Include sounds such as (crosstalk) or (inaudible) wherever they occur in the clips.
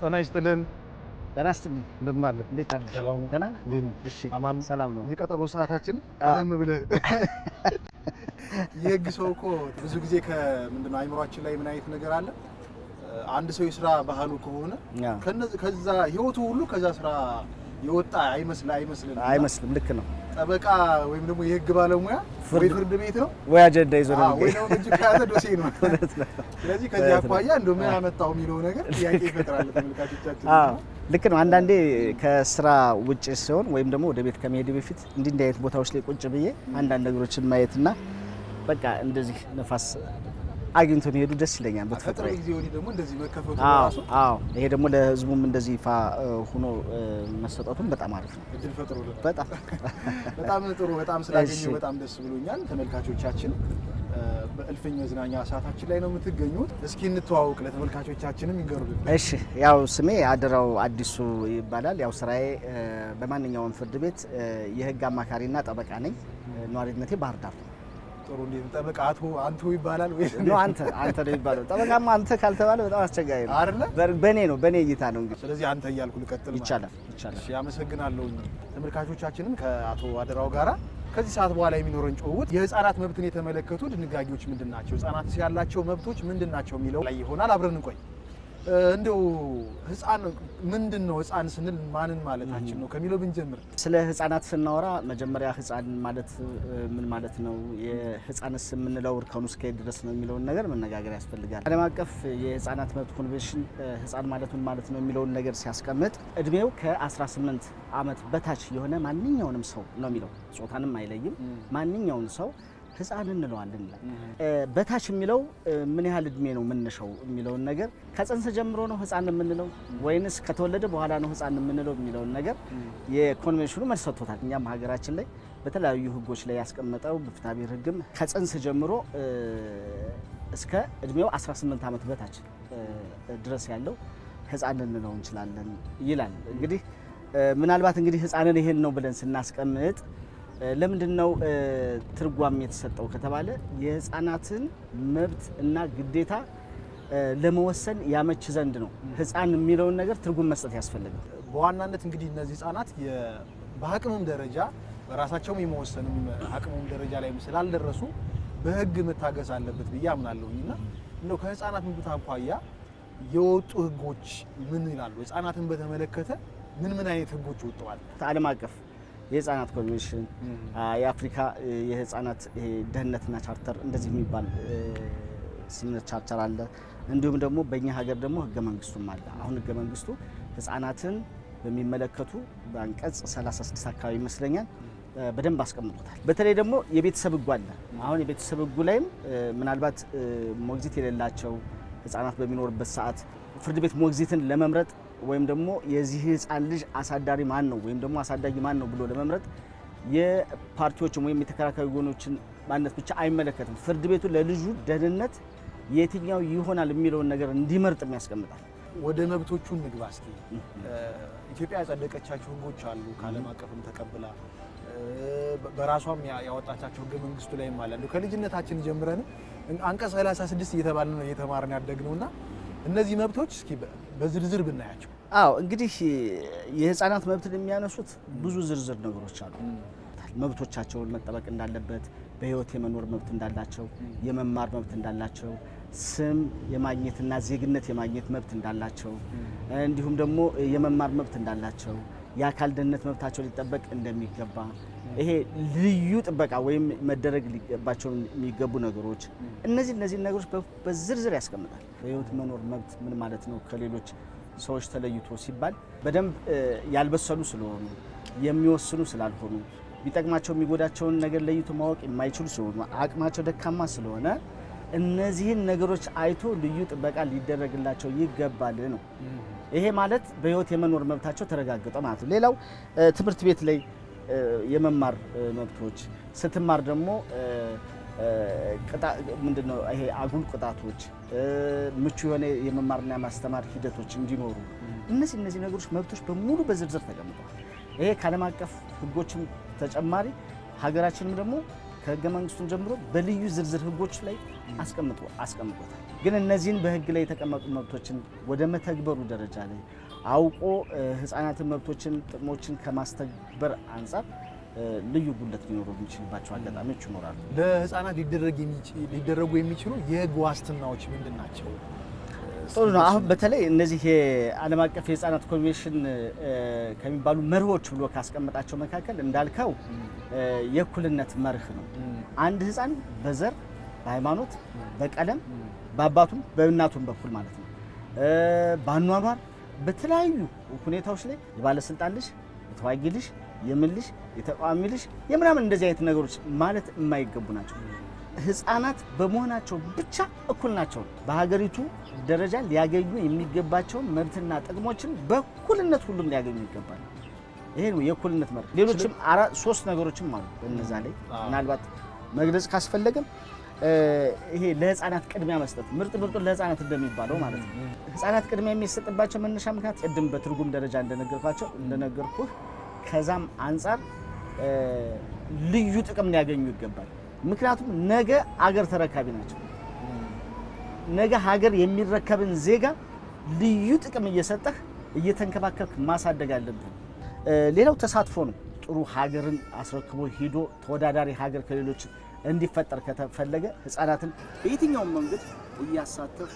ጤና ይስጥልን። ጤና ይስጥልን። እንደምን አለ? እንዴት አለ? ደህና ነው። ሰላም ነው። የቀጠሮ ሰዓታችን ቀደም ብለህ (laughs) የህግ ሰው እኮ ብዙ ጊዜ ከምንድን ነው አይምሯችን ላይ ምን አይነት ነገር አለ? አንድ ሰው የስራ ባህሉ ከሆነ ከዛ ህይወቱ ሁሉ ከዛ ስራ የወጣ አይመስል አይመስልም። አይመስልም። ልክ ነው። ጠበቃ ወይም ደግሞ የህግ ባለሙያ ወይ ፍርድ ቤት ነው ወይ አጀንዳ ይዞ ነው የሚገኘው። ዶሴ ነው። ስለዚህ ከዚህ አኳያ እንደው ምን አመጣው የሚለው ነገር ጥያቄ ይፈጥራል ተመልካቾቻችን። ልክ ነው። አንዳንዴ ከስራ ውጭ ሲሆን ወይም ደግሞ ወደ ቤት ከመሄድ በፊት እንዲህ እንዲህ አይነት ቦታዎች ላይ ቁጭ ብዬ አንዳንድ ነገሮችን ማየትና በቃ እንደዚህ ነፋስ አግኝቶ ነው ሄዱ። ደስ ይለኛል። በተፈጥሮ ጊዜ ወዲህ ደግሞ እንደዚህ መከፈቱ ራሱ አዎ፣ ይሄ ደግሞ ለህዝቡም እንደዚህ ይፋ ሆኖ መሰጠቱም በጣም አሪፍ ነው፣ እድል ፈጥሮልናል። በጣም (laughs) በጣም ጥሩ። በጣም ስላገኘሁ በጣም ደስ ብሎኛል። ተመልካቾቻችን በእልፍኝ መዝናኛ ሰዓታችን ላይ ነው የምትገኙት። እስኪ እንተዋወቅ፣ ለተመልካቾቻችንም ይገሩልን። እሺ፣ ያው ስሜ አድራው አዲሱ ይባላል። ያው ስራዬ በማንኛውም ፍርድ ቤት የህግ አማካሪና ጠበቃ ነኝ። ነዋሪነቴ ባህር ዳር ነው። ጥሩ ጠበቃ አቶ አንቱ ይባላል ነው? አንተ አንተ ነው ይባላል። ጠበቃማ አንተ ካልተባለ በጣም አስቸጋሪ ነው አይደለ? በኔ ነው እይታ ነው እንግዲህ። ስለዚህ አንተ እያልኩ ልቀጥል ይቻላል። ይቻላል። እሺ፣ አመሰግናለሁ። ተመልካቾቻችንን ከአቶ አደራው ጋራ ከዚህ ሰዓት በኋላ የሚኖረን ጭውውት የህፃናት መብትን የተመለከቱ ድንጋጌዎች ምንድን ናቸው፣ ህፃናት ያላቸው መብቶች ምንድን ናቸው የሚለው ላይ ይሆናል። አብረን እንቆይ። እንደው ህፃን ምንድን ነው ህፃን ስንል ማንን ማለታችን ነው ከሚለው ብንጀምር፣ ስለ ህፃናት ስናወራ መጀመሪያ ህፃን ማለት ምን ማለት ነው፣ የህፃንስ የምንለው እርከኑ እስከ ድረስ ነው የሚለውን ነገር መነጋገር ያስፈልጋል። ዓለም አቀፍ የህፃናት መብት ኮንቬንሽን ህፃን ማለት ምን ማለት ነው የሚለውን ነገር ሲያስቀምጥ እድሜው ከ18 ዓመት በታች የሆነ ማንኛውንም ሰው ነው የሚለው ጾታንም አይለይም ማንኛውን ሰው ህፃን እንለዋለን በታች የሚለው ምን ያህል እድሜ ነው የምንሸው የሚለውን ነገር ከጽንስ ጀምሮ ነው ህፃን የምንለው ወይንስ ከተወለደ በኋላ ነው ህፃን የምንለው የሚለውን ነገር የኮንቬንሽኑ መልስ ሰጥቶታል። እኛም ሀገራችን ላይ በተለያዩ ህጎች ላይ ያስቀመጠው በፍትሐብሔር ህግም ከጽንስ ጀምሮ እስከ እድሜው 18 ዓመት በታች ድረስ ያለው ህፃን ልንለው እንችላለን ይላል። እንግዲህ ምናልባት እንግዲህ ህፃንን ይሄን ነው ብለን ስናስቀምጥ ለምንድን ነው ትርጓሜ የተሰጠው ከተባለ የህፃናትን መብት እና ግዴታ ለመወሰን ያመች ዘንድ ነው። ህፃን የሚለውን ነገር ትርጉም መስጠት ያስፈልጋል። በዋናነት እንግዲህ እነዚህ ህፃናት በአቅምም ደረጃ በራሳቸውም የመወሰንም አቅሙም ደረጃ ላይ ስላልደረሱ በህግ መታገስ አለበት ብዬ አምናለሁ እና እንደው ከህፃናት መብት አኳያ የወጡ ህጎች ምን ይላሉ? ህፃናትን በተመለከተ ምን ምን አይነት ህጎች ወጥተዋል? ዓለም አቀፍ የህፃናት ኮሚሽን የአፍሪካ የህፃናት ደህንነትና ቻርተር እንደዚህ የሚባል ስምምነት ቻርተር አለ። እንዲሁም ደግሞ በእኛ ሀገር ደግሞ ህገ መንግስቱም አለ። አሁን ህገ መንግስቱ ህፃናትን በሚመለከቱ በአንቀጽ 36 አካባቢ ይመስለኛል በደንብ አስቀምጦታል። በተለይ ደግሞ የቤተሰብ ህጉ አለ። አሁን የቤተሰብ ህጉ ላይም ምናልባት ሞግዚት የሌላቸው ህፃናት በሚኖርበት ሰዓት ፍርድ ቤት ሞግዚትን ለመምረጥ ወይም ደግሞ የዚህ ህፃን ልጅ አሳዳሪ ማን ነው ወይም ደግሞ አሳዳጊ ማን ነው ብሎ ለመምረጥ የፓርቲዎችን ወይም የተከራካሪ ጎኖችን ማንነት ብቻ አይመለከትም። ፍርድ ቤቱ ለልጁ ደህንነት የትኛው ይሆናል የሚለውን ነገር እንዲመርጥም ያስቀምጣል። ወደ መብቶቹ እንግባ እስኪ። ኢትዮጵያ ያጸደቀቻቸው ህጎች አሉ፣ ከዓለም አቀፍም ተቀብላ በራሷም ያወጣቻቸው ህገ መንግስቱ ላይ አለ። ከልጅነታችን ጀምረን አንቀጽ 36 እየተባለ ነው እየተማርን ያደግነውና እነዚህ መብቶች እስኪ በዝርዝር ብናያቸው። አዎ እንግዲህ የህፃናት መብትን የሚያነሱት ብዙ ዝርዝር ነገሮች አሉ። መብቶቻቸውን መጠበቅ እንዳለበት፣ በህይወት የመኖር መብት እንዳላቸው፣ የመማር መብት እንዳላቸው፣ ስም የማግኘትና ዜግነት የማግኘት መብት እንዳላቸው፣ እንዲሁም ደግሞ የመማር መብት እንዳላቸው፣ የአካል ደህንነት መብታቸው ሊጠበቅ እንደሚገባ ይሄ ልዩ ጥበቃ ወይም መደረግ ሊገባቸው የሚገቡ ነገሮች እነዚህ እነዚህ ነገሮች በዝርዝር ያስቀምጣል። በህይወት መኖር መብት ምን ማለት ነው ከሌሎች ሰዎች ተለይቶ ሲባል በደንብ ያልበሰሉ ስለሆኑ የሚወስኑ ስላልሆኑ ቢጠቅማቸው የሚጎዳቸውን ነገር ለይቶ ማወቅ የማይችሉ ስለሆኑ አቅማቸው ደካማ ስለሆነ እነዚህን ነገሮች አይቶ ልዩ ጥበቃ ሊደረግላቸው ይገባል ነው። ይሄ ማለት በህይወት የመኖር መብታቸው ተረጋገጠ ማለት ነው። ሌላው ትምህርት ቤት ላይ የመማር መብቶች ስትማር ደግሞ ምንድነው ይሄ አጉል ቅጣቶች፣ ምቹ የሆነ የመማርና የማስተማር ሂደቶች እንዲኖሩ እነዚህ እነዚህ ነገሮች መብቶች በሙሉ በዝርዝር ተቀምጠዋል። ይሄ ከዓለም አቀፍ ህጎችም ተጨማሪ ሀገራችንም ደግሞ ከህገ መንግስቱን ጀምሮ በልዩ ዝርዝር ህጎች ላይ አስቀምጦታል። ግን እነዚህን በህግ ላይ የተቀመጡ መብቶችን ወደ መተግበሩ ደረጃ ላይ አውቆ ህጻናትን መብቶችን፣ ጥቅሞችን ከማስተግበር አንጻር ልዩ ጉለት ሊኖሩ የሚችልባቸው አጋጣሚዎች ይኖራሉ። ለህጻናት ሊደረጉ የሚችሉ የህግ ዋስትናዎች ምንድን ናቸው? ጥሩ ነው። አሁን በተለይ እነዚህ የዓለም አቀፍ የህፃናት ኮንቬንሽን ከሚባሉ መርሆች ብሎ ካስቀመጣቸው መካከል እንዳልከው የእኩልነት መርህ ነው። አንድ ህፃን በዘር በሃይማኖት፣ በቀለም፣ በአባቱም በእናቱም በኩል ማለት ነው በአኗኗር በተለያዩ ሁኔታዎች ላይ የባለስልጣን ልጅ፣ የተዋጊ ልጅ፣ የምን ልጅ፣ የተቃዋሚ ልጅ የምናምን እንደዚህ አይነት ነገሮች ማለት የማይገቡ ናቸው። ህፃናት በመሆናቸው ብቻ እኩል ናቸው። በሀገሪቱ ደረጃ ሊያገኙ የሚገባቸውን መብትና ጥቅሞችን በእኩልነት ሁሉም ሊያገኙ ይገባል። ይሄ ነው የእኩልነት መርህ። ሌሎችም ሶስት ነገሮችም አሉ። በነዛ ላይ ምናልባት መግለጽ ካስፈለገም ይሄ ለህፃናት ቅድሚያ መስጠት ምርጥ ምርጡን ለህፃናት እንደሚባለው ማለት ነው። ህፃናት ቅድሚያ የሚሰጥባቸው መነሻ ምክንያት ቅድም በትርጉም ደረጃ እንደነገርኳቸው እንደነገርኩህ ከዛም አንጻር ልዩ ጥቅም ሊያገኙ ይገባል። ምክንያቱም ነገ አገር ተረካቢ ናቸው። ነገ ሀገር የሚረከብን ዜጋ ልዩ ጥቅም እየሰጠህ እየተንከባከብክ ማሳደግ አለብህ። ሌላው ተሳትፎ ነው። ጥሩ ሀገርን አስረክቦ ሂዶ ተወዳዳሪ ሀገር ከሌሎች እንዲፈጠር ከተፈለገ ህጻናትን በየትኛውም መንገድ እያሳተፉ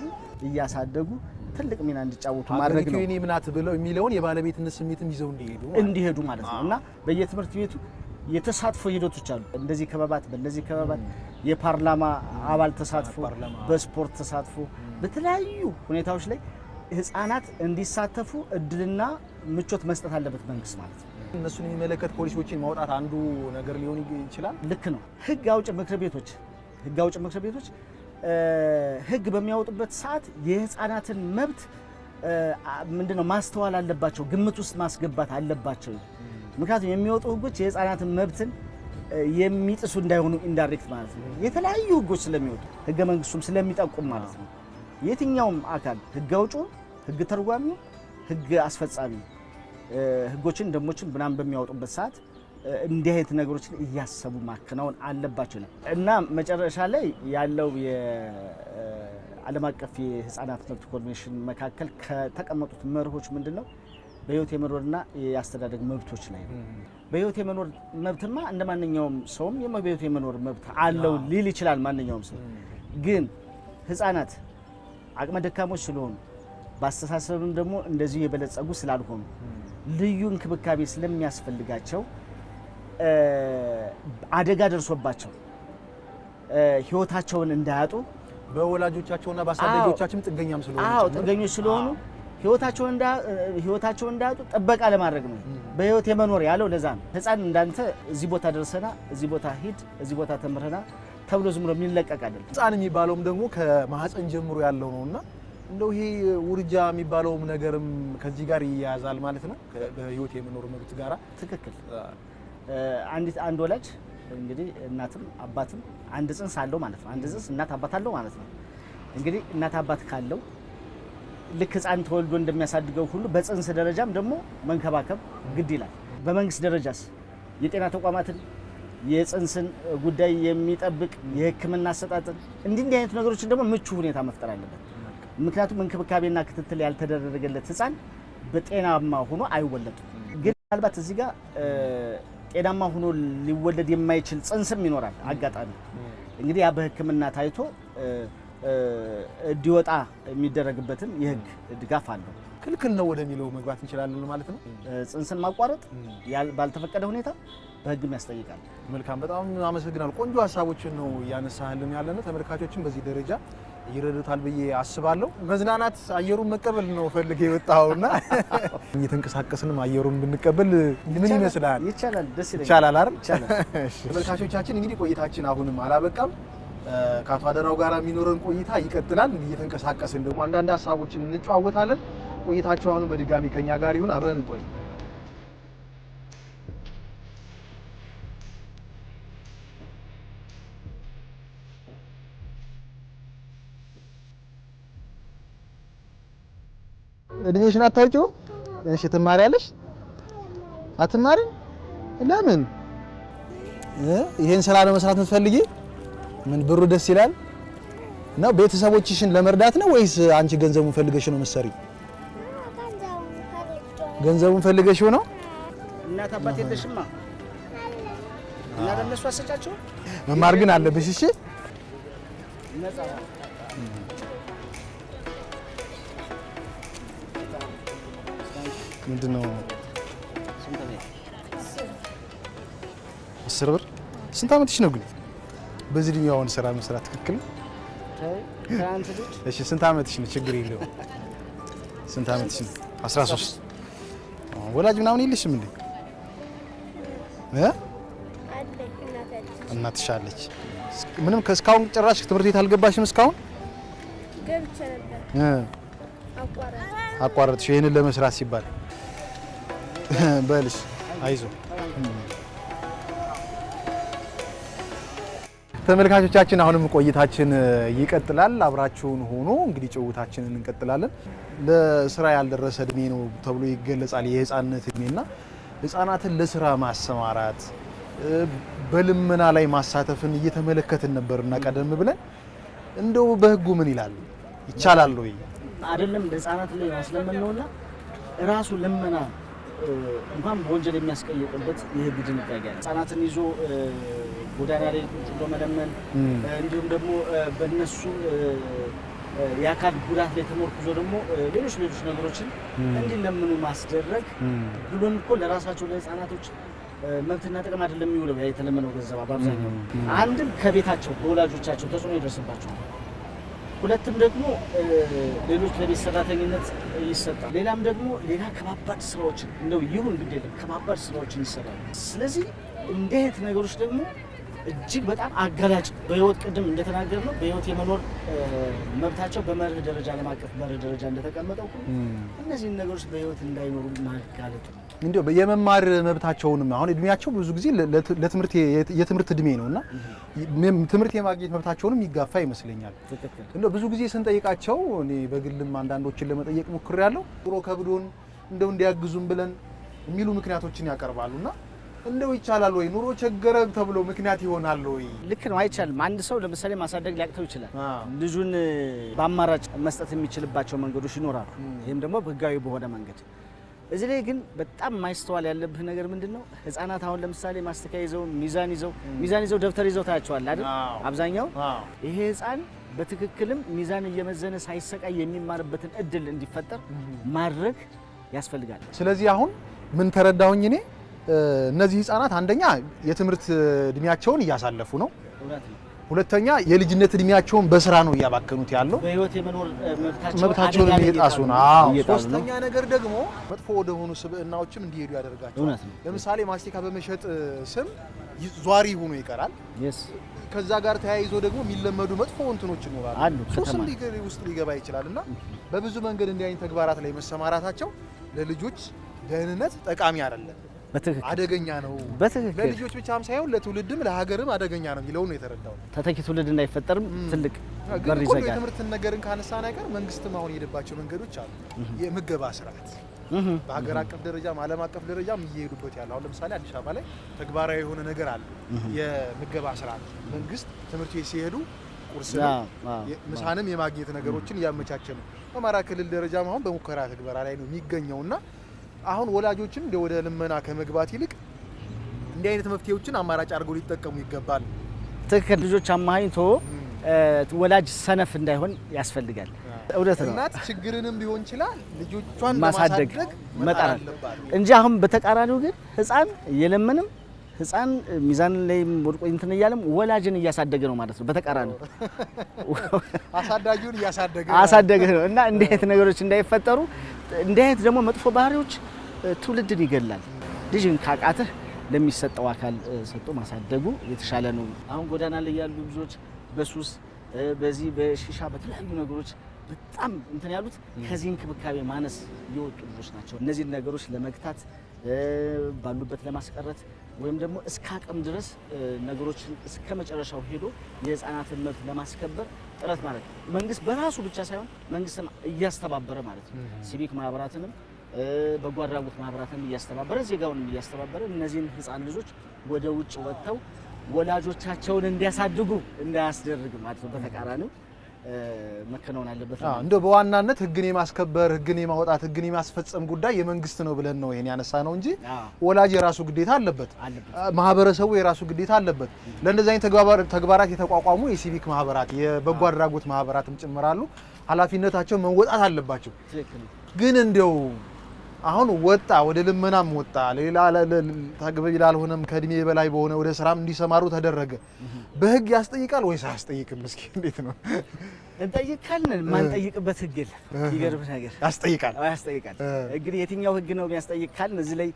እያሳደጉ ትልቅ ሚና እንዲጫወቱ ማድረግ ነው። ኔ ምናት ብለው የሚለውን የባለቤትነት ስሜትም ይዘው እንዲሄዱ እንዲሄዱ ማለት ነው እና በየትምህርት ቤቱ የተሳትፎ ሂደቶች አሉ። እንደዚህ ክበባት፣ በእንደዚህ ክበባት የፓርላማ አባል ተሳትፎ፣ በስፖርት ተሳትፎ፣ በተለያዩ ሁኔታዎች ላይ ህጻናት እንዲሳተፉ እድልና ምቾት መስጠት አለበት መንግስት ማለት ነው። እነሱን የሚመለከት ፖሊሲዎችን ማውጣት አንዱ ነገር ሊሆን ይችላል። ልክ ነው። ህግ አውጭ ምክር ቤቶች ህግ አውጭ ምክር ቤቶች ህግ በሚያወጡበት ሰዓት የህፃናትን መብት ምንድነው ማስተዋል አለባቸው፣ ግምት ውስጥ ማስገባት አለባቸው። ምክንያቱም የሚወጡ ህጎች የህፃናትን መብትን የሚጥሱ እንዳይሆኑ ኢንዳይሬክት ማለት ነው። የተለያዩ ህጎች ስለሚወጡ ህገ መንግስቱም ስለሚጠቁም ማለት ነው። የትኛውም አካል ህግ አውጩ ህግ ተርጓሚ፣ ህግ አስፈጻሚ ህጎችን፣ ደንቦችን ምናምን በሚያወጡበት ሰዓት እንዲህ አይነት ነገሮችን እያሰቡ ማከናወን አለባቸው ነው እና መጨረሻ ላይ ያለው የዓለም አቀፍ የህፃናት መብት ኮንቬንሽን መካከል ከተቀመጡት መርሆች ምንድን ነው? በህይወት የመኖርና የአስተዳደግ መብቶች ላይ ነው። በህይወት የመኖር መብትማ እንደ ማንኛውም ሰውም በህይወት የመኖር መብት አለው ሊል ይችላል ማንኛውም ሰው። ግን ህፃናት አቅመ ደካሞች ስለሆኑ በአስተሳሰብም ደግሞ እንደዚሁ የበለጸጉ ስላልሆኑ ልዩ እንክብካቤ ስለሚያስፈልጋቸው አደጋ ደርሶባቸው ህይወታቸውን እንዳያጡ በወላጆቻቸውና በአሳዳጊዎቻችን ጥገኛም ስለሆኑ አዎ ጥገኞች ስለሆኑ ህይወታቸውን እንዳያጡ ጥበቃ ለማድረግ ነው። በህይወት የመኖር ያለው ለዛ ነው። ህፃን እንዳንተ እዚህ ቦታ ደርሰና እዚህ ቦታ ሂድ እዚህ ቦታ ተምረና ተብሎ ዝም ብሎ የሚለቀቅ አይደለም። ህፃን የሚባለውም ደግሞ ከማህፀን ጀምሮ ያለው ነውና እንደው ይሄ ውርጃ የሚባለውም ነገርም ከዚህ ጋር ይያያዛል ማለት ነው። በህይወት የመኖር መብት ጋራ ትክክል። አንዲት አንድ ወላጅ እንግዲህ እናትም አባትም አንድ ጽንስ አለው ማለት ነው። አንድ ጽንስ እናት አባት አለው ማለት ነው። እንግዲህ እናት አባት ካለው ልክ ህፃን ተወልዶ እንደሚያሳድገው ሁሉ በጽንስ ደረጃም ደግሞ መንከባከብ ግድ ይላል። በመንግስት ደረጃስ የጤና ተቋማትን የጽንስን ጉዳይ የሚጠብቅ የህክምና አሰጣጥን እንዲህ እንዲህ አይነት ነገሮችን ደግሞ ምቹ ሁኔታ መፍጠር አለበት። ምክንያቱም እንክብካቤና ክትትል ያልተደረገለት ህፃን በጤናማ ሆኖ አይወለድም። ግን ምናልባት እዚህ ጋር ጤናማ ሆኖ ሊወለድ የማይችል ጽንስም ይኖራል። አጋጣሚ እንግዲህ ያ በህክምና ታይቶ እንዲወጣ የሚደረግበትም የህግ ድጋፍ አለው። ክልክል ነው ወደሚለው መግባት እንችላለን ማለት ነው። ጽንስን ማቋረጥ ባልተፈቀደ ሁኔታ በህግም ያስጠይቃል። መልካም፣ በጣም አመሰግናለሁ። ቆንጆ ሀሳቦችን ነው እያነሳህልን ያለ ተመልካቾችን በዚህ ደረጃ ይረዱታል ብዬ አስባለሁ። መዝናናት አየሩን መቀበል ነው ፈልጌ የወጣውና (laughs) እየተንቀሳቀስንም አየሩን ብንቀበል ምን ይመስላል? ይቻላል፣ ደስ ይቻላል አይደል? (laughs) ተመልካቾቻችን እንግዲህ ቆይታችን አሁንም አላበቃም። ከአቶ አደራው ጋር የሚኖረን ቆይታ ይቀጥላል። እየተንቀሳቀስን ደግሞ አንዳንድ ሀሳቦችን እንጨዋወታለን። ቆይታችሁ አሁንም በድጋሚ ከኛ ጋር ይሁን። አብረን እንቆይ። እድሜሽን አታውቂውም? እሺ ትማሪያለሽ? አትማሪ? ለምን? ይሄን ስራ ለመስራት የምትፈልጊ? ምን ብሩ ደስ ይላል ነው? ቤተሰቦችሽን ለመርዳት ነው ወይስ አንቺ ገንዘቡን ፈልገሽ ነው መሰሪ? ገንዘቡን ፈልገሽ ነው? እናት አባት የለሽማ እና ለነሱ አሰጫቸው መማር ግን አለብሽ። እሺ ምንድን ነው? አስር ብር ስንት ዓመትሽ ነው ግን? በዚህ ድኛ አሁን ስራ መስራት ትክክል ነው? እሺ ስንት ነው? ችግር የለውም። ስንት ነው? 13 ወላጅ ምናምን የለሽም እንዴ? እ እናትሽ አለች። ምንም እስካሁን ጭራሽ ትምህርት ቤት አልገባሽም? እስካሁን ገብቼ ነበር። አቋረጥሽ? ይሄንን ለመስራት ሲባል (laughs) በልሽ አይዞ ተመልካቾቻችን አሁንም ቆይታችን ይቀጥላል። አብራችሁን ሆኖ እንግዲህ ጭውታችንን እንቀጥላለን። ለስራ ያልደረሰ እድሜ ነው ተብሎ ይገለጻል የህፃንነት እድሜና ህፃናትን ለስራ ማሰማራት በልመና ላይ ማሳተፍን እየተመለከትን ነበርና ቀደም ብለን እንደው በህጉ ምን ይላል ይቻላል ወይ አይደለም ህፃናት ላይ ማስለመን ነውና ራሱ ልመና እንኳን በወንጀል የሚያስቀይቁበት የህግ ድንጋጌ አለ። ህጻናትን ይዞ ጎዳና ላይ መለመን እንዲሁም ደግሞ በነሱ የአካል ጉዳት ላይ ተመርኩዞ ደግሞ ሌሎች ሌሎች ነገሮችን እንዲለምኑ ማስደረግ ብሎን እኮ ለራሳቸው ለህጻናቶች መብትና ጥቅም አይደለም የሚውለው የተለመነው ገንዘብ በአብዛኛው አንድም ከቤታቸው ከወላጆቻቸው ተጽዕኖ ይደርስባቸዋል። ሁለትም ደግሞ ሌሎች ለቤት ሰራተኝነት ይሰጣል። ሌላም ደግሞ ሌላ ከባባድ ስራዎችን እንደው ይሁን ግድ የለም ከባባድ ስራዎችን ይሰራል። ስለዚህ እንዲህ አይነት ነገሮች ደግሞ እጅግ በጣም አጋላጭ በህይወት ቅድም እንደተናገር ነው በህይወት የመኖር መብታቸው በመርህ ደረጃ ለማቀፍ አቀፍ መርህ ደረጃ እንደተቀመጠው እነዚህን ነገሮች በህይወት እንዳይኖሩ ማጋለጥ ነው። እንዲሁ የመማር መብታቸውንም አሁን እድሜያቸው ብዙ ጊዜ ለትምህርት የትምህርት እድሜ ነው እና ትምህርት የማግኘት መብታቸውንም ይጋፋ ይመስለኛል። እንደ ብዙ ጊዜ ስንጠይቃቸው እኔ በግልም አንዳንዶችን ለመጠየቅ ሞክሬያለሁ። ኑሮ ከብዶን እንደው እንዲያግዙን ብለን የሚሉ ምክንያቶችን ያቀርባሉ እና እንደው ይቻላል ወይ ኑሮ ቸገረ ተብሎ ምክንያት ይሆናል ወይ? ልክ ነው፣ አይቻልም። አንድ ሰው ለምሳሌ ማሳደግ ሊያቅተው ይችላል። ልጁን በአማራጭ መስጠት የሚችልባቸው መንገዶች ይኖራሉ። ይህም ደግሞ ህጋዊ በሆነ መንገድ እዚህ ላይ ግን በጣም ማይስተዋል ያለብህ ነገር ምንድን ነው? ህጻናት አሁን ለምሳሌ ማስተካያ ይዘው ሚዛን ይዘው ሚዛን ይዘው ደብተር ይዘው ታያቸዋል አይደል? አብዛኛው ይሄ ህጻን በትክክልም ሚዛን እየመዘነ ሳይሰቃይ የሚማርበትን እድል እንዲፈጠር ማድረግ ያስፈልጋል። ስለዚህ አሁን ምን ተረዳሁኝ እኔ እነዚህ ህጻናት አንደኛ የትምህርት እድሜያቸውን እያሳለፉ ነው ሁለተኛ የልጅነት እድሜያቸውን በስራ ነው እያባከኑት ያለው። በህይወት የመኖር መብታቸውን እየጣሱ ነው። ሶስተኛ ነገር ደግሞ መጥፎ ወደሆኑ ስብዕናዎችም እንዲሄዱ ያደርጋቸዋል። ለምሳሌ ማስቲካ በመሸጥ ስም ዟሪ ሆኖ ይቀራል። ከዛ ጋር ተያይዞ ደግሞ የሚለመዱ መጥፎ እንትኖች ይኖራሉ። ሱስም ውስጥ ሊገባ ይችላል እና በብዙ መንገድ እንዲህ አይነት ተግባራት ላይ መሰማራታቸው ለልጆች ደህንነት ጠቃሚ አይደለም። አደገኛ ነው። በትክክል ለልጆች ብቻም ሳይሆን ለትውልድም ለሀገርም አደገኛ ነው የሚለው ነው የተረዳው። ተተኪ ትውልድ እንዳይፈጠርም ትልቅ በር ይዘጋል። የትምህርትን ነገርን ካነሳን አይቀር መንግስትም አሁን የሄደባቸው መንገዶች አሉ። የምገባ ስርዓት በሀገር አቀፍ ደረጃም ዓለም አቀፍ ደረጃም እየሄዱበት ያለው አሁን ለምሳሌ አዲስ አበባ ላይ ተግባራዊ የሆነ ነገር አለ። የምገባ ስርዓት መንግስት ትምህርት ቤት ሲሄዱ ቁርስንም ምሳንም የማግኘት ነገሮችን እያመቻቸ ነው። በአማራ ክልል ደረጃም አሁን በሙከራ ተግባራ ላይ ነው የሚገኘውና አሁን ወላጆችን እንደ ወደ ልመና ከመግባት ይልቅ እንዲህ አይነት መፍትሄዎችን አማራጭ አድርገው ሊጠቀሙ ይገባል። ትክክል። ልጆች አማኝቶ ወላጅ ሰነፍ እንዳይሆን ያስፈልጋል። እውነት ነው። እናት ችግርንም ቢሆን ይችላል ልጆቿን ማሳደግ መጣር እንጂ አሁን በተቃራኒው ግን ህፃን እየለመንም ህፃን ሚዛን ላይ ወድቆ እንትን እያለም ወላጅን እያሳደገ ነው ማለት ነው። በተቃራኒ (laughs) አሳዳጊውን እያሳደገ አሳደገ ነው እና እንዲህ አይነት ነገሮች እንዳይፈጠሩ፣ እንዲህ አይነት ደግሞ መጥፎ ባህሪዎች ትውልድን ይገላል። ልጅን ካቃትህ ለሚሰጠው አካል ሰጥቶ ማሳደጉ የተሻለ ነው። አሁን ጎዳና ላይ ያሉ ልጆች በሱስ በዚህ በሺሻ በተለያዩ ነገሮች በጣም እንትን ያሉት ከዚህ እንክብካቤ ማነስ የወጡ ልጆች ናቸው። እነዚህን ነገሮች ለመግታት ባሉበት ለማስቀረት ወይም ደግሞ እስከ አቅም ድረስ ነገሮችን እስከ መጨረሻው ሄዶ የህፃናትን መብት ለማስከበር ጥረት ማለት ነው። መንግስት በራሱ ብቻ ሳይሆን መንግስትም እያስተባበረ ማለት ነው። ሲቪክ ማህበራትንም በጎ አድራጎት ማህበራትንም እያስተባበረ ዜጋውንም እያስተባበረ እነዚህን ህፃን ልጆች ወደ ውጭ ወጥተው ወላጆቻቸውን እንዲያሳድጉ እንዳያስደርግ ማለት ነው በተቃራኒው መከናወን አለበት። እንደ በዋናነት ህግን የማስከበር ህግን የማውጣት ህግን የማስፈጸም ጉዳይ የመንግስት ነው ብለን ነው ይሄን ያነሳ ነው እንጂ ወላጅ የራሱ ግዴታ አለበት፣ ማህበረሰቡ የራሱ ግዴታ አለበት። ለእንደዚህ አይነት ተግባራት የተቋቋሙ የሲቪክ ማህበራት የበጎ አድራጎት ማህበራትም ጭምራሉ ኃላፊነታቸው መወጣት አለባቸው ግን እንደው አሁን ወጣ ወደ ልመናም ወጣ፣ ሌላ ተገቢ ላልሆነም ከእድሜ በላይ በሆነ ወደ ስራም እንዲሰማሩ ተደረገ። በህግ ያስጠይቃል ወይስ አያስጠይቅም? እስኪ እንዴት ነው? እንጠይቃለን። የማንጠይቅበት ህግ የለም። ይገርም ነገር ያስጠይቃል ያስጠይቃል። እንግዲህ የትኛው ህግ ነው የሚያስጠይቅ ካልን እዚህ ላይ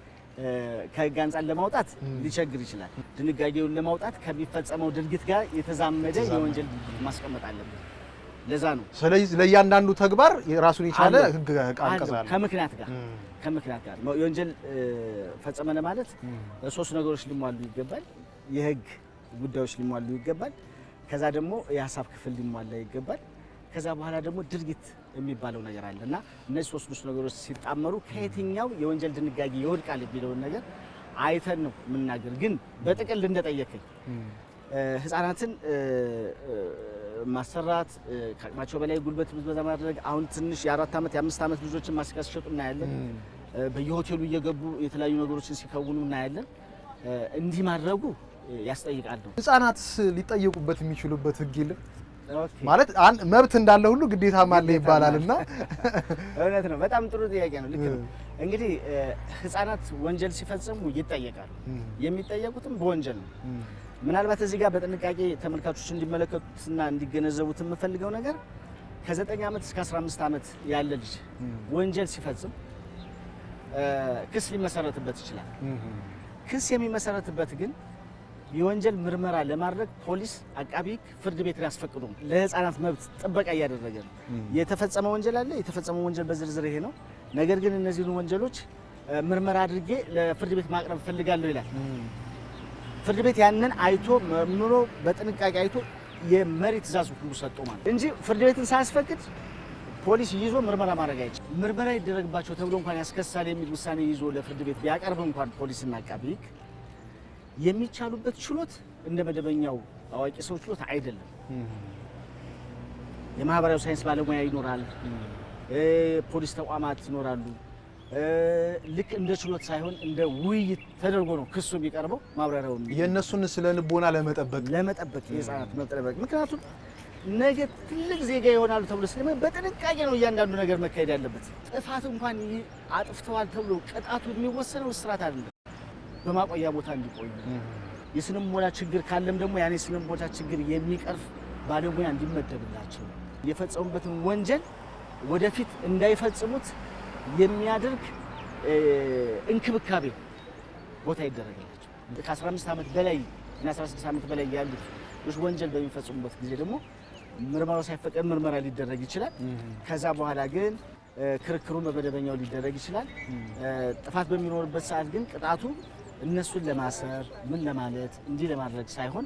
ከህግ አንጻር ለማውጣት ሊቸግር ይችላል። ድንጋጌውን ለማውጣት ከሚፈጸመው ድርጊት ጋር የተዛመደ የወንጀል ማስቀመጥ አለብን። ለዛ ነው። ስለዚህ ለእያንዳንዱ ተግባር ራሱን የቻለ ህግ አንቀጽ አለ። ከምክንያት ጋር ከምክንያት ጋር የወንጀል ፈጸመነ ማለት ሶስት ነገሮች ሊሟሉ ይገባል። የህግ ጉዳዮች ሊሟሉ ይገባል። ከዛ ደግሞ የሀሳብ ክፍል ሊሟላ ይገባል። ከዛ በኋላ ደግሞ ድርጊት የሚባለው ነገር አለ እና እነዚህ ሶስት ሶስት ነገሮች ሲጣመሩ ከየትኛው የወንጀል ድንጋጌ ይወድቃል የሚለውን ነገር አይተን ነው የምናገር። ግን በጥቅል እንደጠየከኝ ህጻናትን ማሰራት፣ ከአቅማቸው በላይ ጉልበት ብዝበዛ ማድረግ። አሁን ትንሽ የአራት ዓመት የአምስት ዓመት ልጆችን ማስቀሸጡ እናያለን። በየሆቴሉ እየገቡ የተለያዩ ነገሮችን ሲከውኑ እናያለን። እንዲህ ማድረጉ ያስጠይቃል። ህጻናት ሊጠየቁበት የሚችሉበት ህግ የለም ማለት መብት እንዳለ ሁሉ ግዴታም አለ ይባላል እና (laughs) እውነት ነው። በጣም ጥሩ ጥያቄ ነው። ልክ ነው። እንግዲህ ህጻናት ወንጀል ሲፈጽሙ ይጠየቃሉ። የሚጠየቁትም በወንጀል ነው። ምናልባት እዚህ ጋር በጥንቃቄ ተመልካቾች እንዲመለከቱትና እንዲገነዘቡት የምፈልገው ነገር ከዘጠኝ ዓመት እስከ 15 ዓመት ያለ ልጅ ወንጀል ሲፈጽም ክስ ሊመሰረትበት ይችላል። ክስ የሚመሰረትበት ግን የወንጀል ምርመራ ለማድረግ ፖሊስ፣ አቃቢ ሕግ፣ ፍርድ ቤት ሊያስፈቅዱም ለህፃናት መብት ጥበቃ እያደረገ ነው። የተፈጸመ ወንጀል አለ። የተፈጸመ ወንጀል በዝርዝር ይሄ ነው። ነገር ግን እነዚህን ወንጀሎች ምርመራ አድርጌ ለፍርድ ቤት ማቅረብ እፈልጋለሁ ይላል። ፍርድ ቤት ያንን አይቶ መርምሮ በጥንቃቄ አይቶ የመሪ ትእዛዝ ሁሉ ሰጡ ማለት እንጂ ፍርድ ቤትን ሳያስፈቅድ ፖሊስ ይዞ ምርመራ ማድረግ አይችል። ምርመራ ይደረግባቸው ተብሎ እንኳን ያስከሳል የሚል ውሳኔ ይዞ ለፍርድ ቤት ቢያቀርብ እንኳን ፖሊስና አቃቤ ሕግ የሚቻሉበት ችሎት እንደ መደበኛው አዋቂ ሰው ችሎት አይደለም። የማህበራዊ ሳይንስ ባለሙያ ይኖራል፣ ፖሊስ ተቋማት ይኖራሉ። ልክ እንደ ችሎት ሳይሆን እንደ ውይይት ተደርጎ ነው ክሱ የሚቀርበው። ማብራሪያው የእነሱን ስለ ልቦና ለመጠበቅ ለመጠበቅ የህፃናት መጠበቅ ምክንያቱም ነገ ትልቅ ዜጋ ይሆናሉ ተብሎ ስለ በጥንቃቄ ነው እያንዳንዱ ነገር መካሄድ ያለበት። ጥፋት እንኳን አጥፍተዋል ተብሎ ቅጣቱ የሚወሰነው እስራት አይደለም፣ በማቆያ ቦታ እንዲቆዩ የስነምቦላ ችግር ካለም ደግሞ ያኔ ስነምቦላ ችግር የሚቀርፍ ባለሙያ እንዲመደብላቸው የፈጸሙበትን ወንጀል ወደፊት እንዳይፈጽሙት የሚያደርግ እንክብካቤ ቦታ ይደረግላቸው። ከ15 ዓመት በላይ እና 16 ዓመት በላይ ያሉት ወንጀል በሚፈጽሙበት ጊዜ ደግሞ ምርመራው ሳይፈቀድ ምርመራ ሊደረግ ይችላል። ከዛ በኋላ ግን ክርክሩ በመደበኛው ሊደረግ ይችላል። ጥፋት በሚኖርበት ሰዓት ግን ቅጣቱ እነሱን ለማሰር ምን ለማለት እንዲህ ለማድረግ ሳይሆን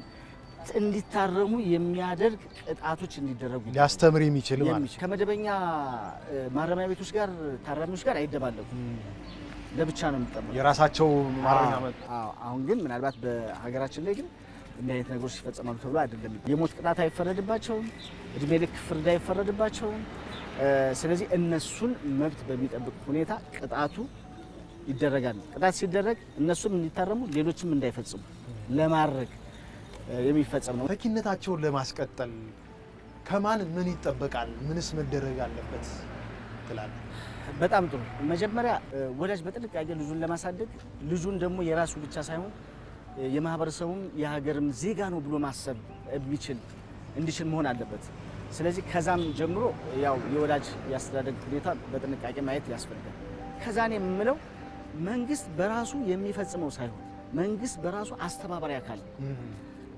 እንዲታረሙ የሚያደርግ ቅጣቶች እንዲደረጉ ሊያስተምር የሚችል ከመደበኛ ማረሚያ ቤቶች ጋር ታራሚዎች ጋር አይደባለቁም። ለብቻ ነው የሚቀመጡት የራሳቸው ማረሚያ። አሁን ግን ምናልባት በሀገራችን ላይ ግን እንዲህ አይነት ነገሮች ይፈጸማሉ ተብሎ አይደለም። የሞት ቅጣት አይፈረድባቸውም። እድሜ ልክ ፍርድ አይፈረድባቸውም። ስለዚህ እነሱን መብት በሚጠብቅ ሁኔታ ቅጣቱ ይደረጋል። ቅጣት ሲደረግ እነሱም እንዲታረሙ ሌሎችም እንዳይፈጽሙ ለማድረግ የሚፈጸም ነው። ተኪነታቸውን ለማስቀጠል ከማን ምን ይጠበቃል? ምንስ መደረግ አለበት ትላለ? በጣም ጥሩ። መጀመሪያ ወላጅ በጥንቃቄ ልጁን ለማሳደግ ልጁን ደግሞ የራሱ ብቻ ሳይሆን የማህበረሰቡም የሀገርም ዜጋ ነው ብሎ ማሰብ የሚችል እንዲችል መሆን አለበት። ስለዚህ ከዛም ጀምሮ ያው የወላጅ ያስተዳደግ ሁኔታ በጥንቃቄ ማየት ያስፈልጋል። ከዛኔ የምለው መንግስት በራሱ የሚፈጽመው ሳይሆን መንግስት በራሱ አስተባባሪ አካል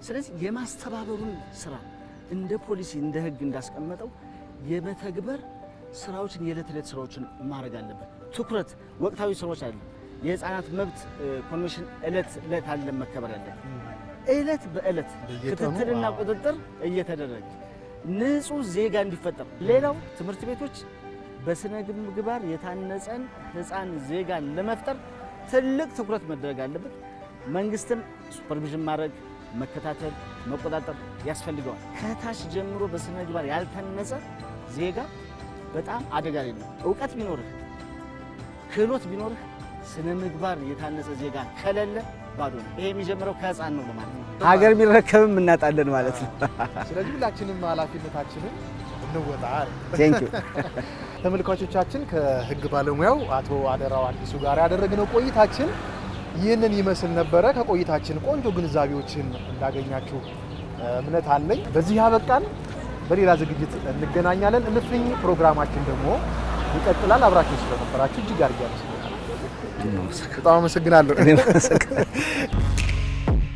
ስለዚህ የማስተባበሩን ስራ እንደ ፖሊሲ እንደ ህግ እንዳስቀመጠው የመተግበር ስራዎችን የዕለት ዕለት ስራዎችን ማድረግ አለበት። ትኩረት ወቅታዊ ስራዎች አለ። የህፃናት መብት ኮሚሽን ዕለት ዕለት አለ መከበር ያለ ዕለት በዕለት ክትትልና ቁጥጥር እየተደረገ ንጹህ ዜጋ እንዲፈጠር። ሌላው ትምህርት ቤቶች በስነ ምግባር የታነጸን ህፃን ዜጋን ለመፍጠር ትልቅ ትኩረት መደረግ አለበት። መንግስትም ሱፐርቪዥን ማድረግ መከታተል፣ መቆጣጠር ያስፈልገዋል። ከታች ጀምሮ በስነ ምግባር ዜጋ በጣም አደጋ ላይ ነው። እውቀት ቢኖርህ ክህሎት ቢኖርህ ስነ ምግባር የታነጸ ዜጋ ከሌለ ባዶ ነው። ይሄ የሚጀምረው ከህፃን ነው ለማለት ነው። ሀገር የሚረከብም እናጣለን ማለት ነው። ስለዚህ ሁላችንም ኃላፊነታችንን እንወጣ። ተመልካቾቻችን ከህግ ባለሙያው አቶ አደራው አዲሱ ጋር ያደረግነው ቆይታችን ይህንን ይመስል ነበረ። ከቆይታችን ቆንጆ ግንዛቤዎችን እንዳገኛችሁ እምነት አለኝ። በዚህ ያበቃን። በሌላ ዝግጅት እንገናኛለን። እልፍኝ ፕሮግራማችን ደግሞ ይቀጥላል። አብራችሁ ስለነበራችሁ እጅግ አድርጌ አመሰግናለሁ። በጣም አመሰግናለሁ።